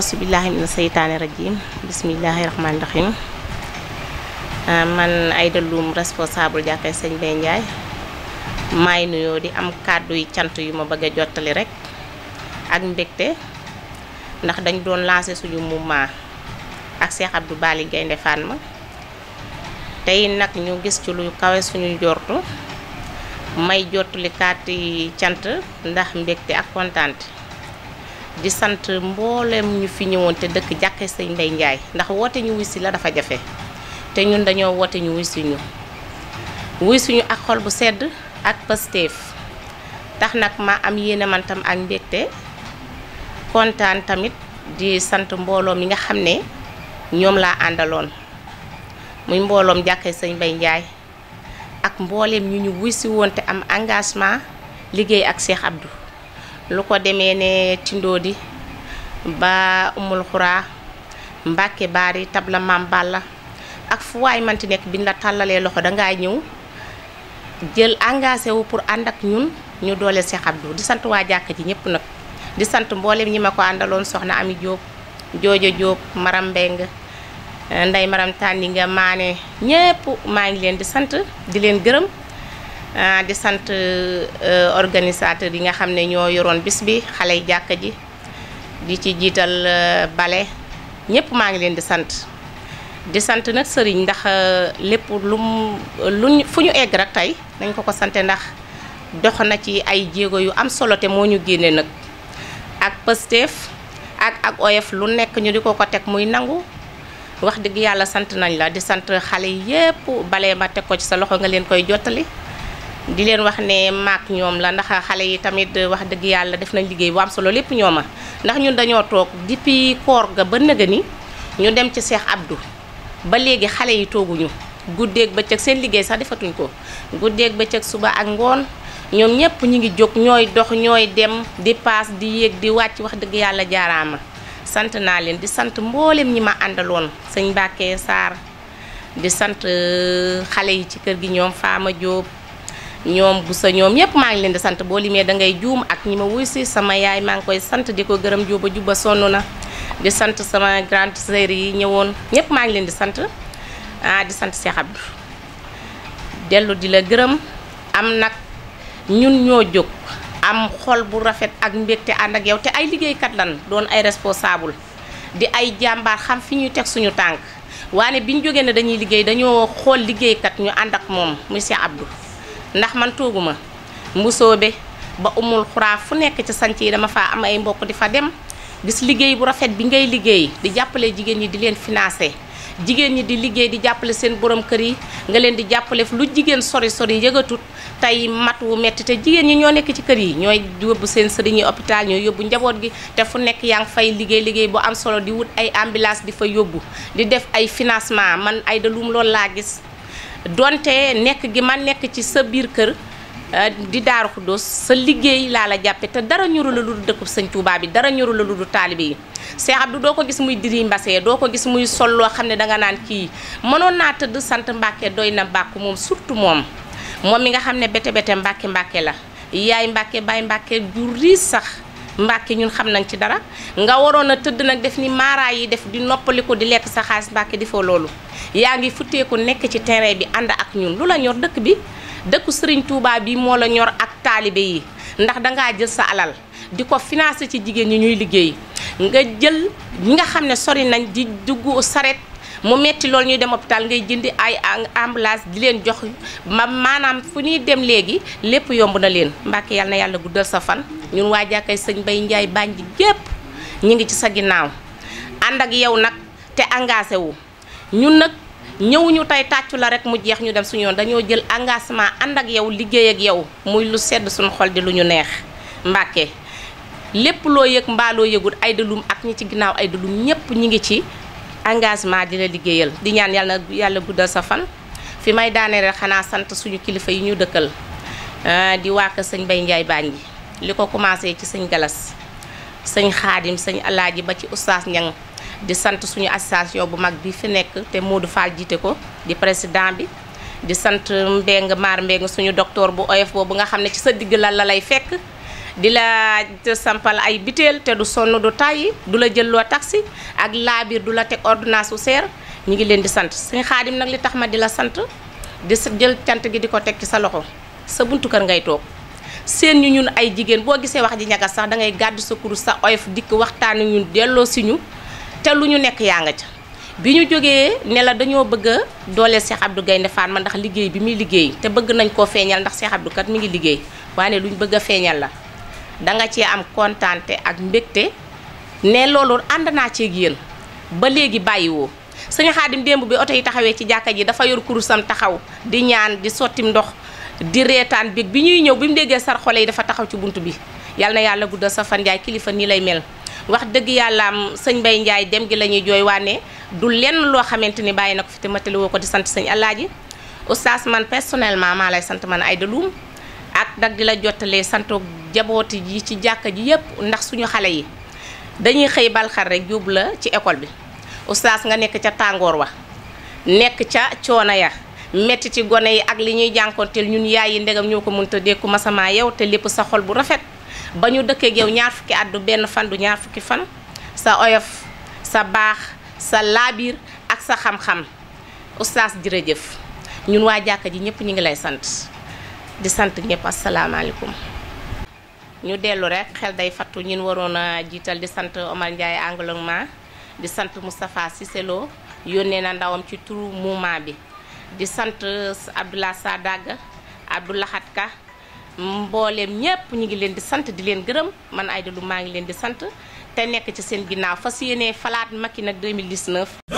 asubillahi mina seytaani rajim bismillahi rahmaani rahim man Aïda Loum responsable jàkkee sëñ Baye Ndiaye maay nuyoo di am kàddu yu cant yu ma bëgg a jottali rek ak mbégte ndax dañ doon lancé suñu mouvement ak Cheikh Abdou Bali Gaynde Fatma tey nak ñu gis ci lu kawe suñu jortu may jottali kàddu yi cant ndax mbégte ak kontaante di sant mboolem ñu fi ñëwoon te dëkk jàkkee sëñ Ndeye Ndiaye ndax woote ñu wuy si la dafa jafe te ñun dañoo woote ñu wuy si ñu wuy suñu ak xol bu sedd ak Pastef tax nag ma am yéene mantam ak mbégte kontaan tamit di sant mbooloo mi nga xam ne ñoom laa àndaloon muy mbooloom jàkkee sëñ Ndeye Ndiaye ak mbooleem ñu ñu wuy si woon te am engagement liggéey ak Cheikh Abdou lu ko demee ne tindodi ba umul khura mbake bari tabla mambala balla ak fu man ti nek biñ la tàllalee loxo nga ñew jël engagé wu pour ànd ak ñun ñu dooleel Cheikh Abdou di sant wa jàkka ji di sant ñi ko soxna Ami Diop jojo Diop Maram beng nday Maram nga ngi len di sant di len gërëm Euh, di sant euh, organisateurs yi nga xam ne ñoo yoroon bis bi xale yi jàkk ji di ci jiital euh, bale ñëpp maa ngi leen di sant di sant nag sëriñ ndax lépp lu luñ fu ñu egg rek tey dañ ko ko sante ndax dox na ci ay jéego yu am solo te moo ñu génne nag ak Pastef ak ak oyof lu nekk ñu di ko ko teg muy nangu wax dëgg yàlla sant nañ la di sant xale yépp bale ma teg ko ci sa loxo nga leen koy jottali di leen wax ne maak ñoom la ndax xale yi tamit wax dëgg yàlla def nañ liggéey bu am solo lépp ñoom a ndax ñun dañoo toog depuis koor ga ba nëga ni ñu dem ci Cheikh Abdou ba léegi xale yi tooguñu ba bëccëg seen liggéey sax defatuñ ko ba bëccëg suba ak ngoon ñoom ñëpp ñu ngi jóg ñooy dox ñooy dem di paas di yéeg di wàcc wax dëgg yàlla jaaraama sant naa leen di sant mboolem ñi ma àndaloon sëñ Mbàkke Sarr di sant euh, xale yi ci kër gi ñoom Fama Diop. ñoom bu sa ñoom ñëpp maa ngi leen di sant boo limee da ngay juum ak ñi ma wuy si sama yaay maa ngi koy sant di ko gërëm juba juba sonn na di sant sama grande sœur yi ñëwoon ñëpp maa ngi leen di sant ah di sant Cheikh dellu di la gërëm am nag ñun ñoo jóg am xol bu rafet ak mbégte ànd ak yow te ay liggéeykat lan doon ay responsable di ay jàmbaar xam fi ñuy teg suñu tànk waane bi ñu jógee ne dañuy liggéey dañoo xool liggéeykat ñu ànd ak moom muy Cheikh Abdou ndax man tuuguma mbusoobe ba umul xuraa fu nekk ci sanc yi dama faa am ay mbokk di fa dem gis liggéey bu rafet bi ngay liggéey di jàppale jigéen ñi di leen financé jigéen ñi di liggéey di jàppale seen borom kër yi nga leen di jàppale lu jigéen sori sori yëgatut tey mat wu metti te jigéen ñi ñoo nekk ci kër yi ñooy yóbbu seen sëriñ yi hôpital ñooy yóbbu njaboot gi te fu nekk yaa ngi fay liggéey liggéey bu am solo di wut ay ambulance di fa yóbbu di def ay financement man ay da laa gis donte nekk gi ma nekk ci sa biir kër euh, di Daaru Xuddoos sa liggéey laa la jàppe te dara ñuru la lu du dëkku Sëñ Tuubaa bi dara ñuru la lu du taalibe yi Seex Abdu doo ko gis muy diri mbasee doo ko gis muy sol loo xam ne danga naan kii mënoon naa tëdd sant Mbàkke doy na mbàkk moom surtout moom moom mi nga xam ne bete bete Mbàkke Mbàkke la yaay Mbàkke baay Mbàkke ju riis sax Mbàkke ñun xam nañ ci dara nga waroon a tëdd nag def ni maaraay yi def di noppaliku di lekk sa xaalis Mbàkke di foo loolu yaa ngi futteeku nekk ci terrain bi ànd ak ñun lu la ñor dëkk bi dëkku Serigne Touba bi moo la ñor ak taalibe yi ndax dangaa jël sa alal di ko financé ci jigéen ñi ñuy liggéey nga jël ñi nga xam ne sori nañ di dugg saret mu metti lool ñuy dem hôpital ngay jënd ay ambulance di leen jox ma maanaam fu ñuy dem léegi lépp yomb na leen Mbàkke yàlla na yàlla guddal sa fan ñun waa jàkkay sëñ Bay Njaay Banji gépp ñu ngi ci sa ginnaaw ànd ak yow nag te engagé wu ñun nag ñëwuñu tey tàccu la rek mu jeex ñu dem suñu yoon dañoo jël engagement ànd ak yow liggéey ak yow muy lu sedd suñu xol di lu ñu neex Mbàkke lépp loo yëg mbaaloo yëgul ay dalum ak ñi ci ginnaaw ay dalum ñépp ñi ngi ci engagement di la liggéeyal di ñaan yàlla yàlla guddal sa fan fi may daaneel xanaa sant suñu kilifa yi ñu dëkkal ah, di waa kër sëñ Bay Njaay Banji li ko commencé ci sëñ galas sëñ xaadim sëñ alaaji ba ci oustaz ñang di sant suñu association bu mag bi fi nekk te Modou Fall jiite ko di président bi di sant Mbeng Maar Mbeng suñu docteur bu oyof boobu nga xam ne ci sa digg la la lay fekk di la sampal ay biteel te du sonn du tàyyi du la jël loo taxi ak laabir du la teg ordonnance bu seer ñu ngi leen di sant sëñ xaadim nag li tax ma di la sant di jël cant gi di ko teg ci sa loxo sa buntu kër ngay toog seen ñu ñun ay jigéen boo gisee wax ji ñagas sax da ngay gàddu sa kurus sa oyof dikk waxtaan ñun delloo si ñu te lu ñu nekk yaa nga ca bi ñu jógee ne la dañoo bëgg a dooleel Cheikh Abdou Gaynde Fatma ndax liggéey bi muy liggéey te bëgg nañ koo feeñal ndax Cheikh Abdou kat mi ngi liggéey waaye luñ bëgg a feeñal la da nga cee am kontaante ak mbégte ne loolu ànd naa ceeg yéen ba léegi bàyyiwoo sëñ Xaadim démb bi oto yi taxawee ci jàkka ji dafa yor kurusam taxaw di ñaan di sottim ndox di reetaan bi bi ñuy ñëw bi mu déggee sar xole yi dafa taxaw ci bunt bi yal na yàlla guddal sa fanjaay kilifa nii lay mel wax dëgg yàllaam sëñ Mbaye Ndiaye dem gi la ñuy jooy waane du lenn loo xamante ni bàyyi na ko fi te matali woo ko di sant sëñ Alaaji oustaz man personnellement maa lay sant man ay daluum ak nag di la jottalee santoog jabooti ji ci jàkka ji yëpp ndax suñu xale yi dañuy xëy balxar rek yóbbu la ci école bi oustaz nga nekk ca tàngoor wa nekk ca coono ya métti gone yi ak li ñuy jànkonteel ñun yaay yi ndegam ñoo ko mënut a dékku masamaa yow te lépp sa xol bu rafet ba ñu dëkkee yow ñaar fukki at du benn fan du ñaar fukki fan sa oyof sa baax sa laabiir ak sa xam-xam oustaz jërëjëf ñun waa jàkka ji ñëpp ñu ngi lay sant di sant ñëpp asalaamaaleykum. ñu dellu rek xel day fattu ñun waroon a jiital di sant Omar Ndiaye Angloma di sant Moustapha si selo yónnee na ndawam ci turu mouvement bi. di sant Abdoulaye Sadaga Abdou Lahat Ka mbooleem ñépp ñu ngi leen di sant di leen gërëm man Aïda Lô maa ngi leen di sant te nekk ci seen ginnaaw fas yéene falaat Macky nag 2019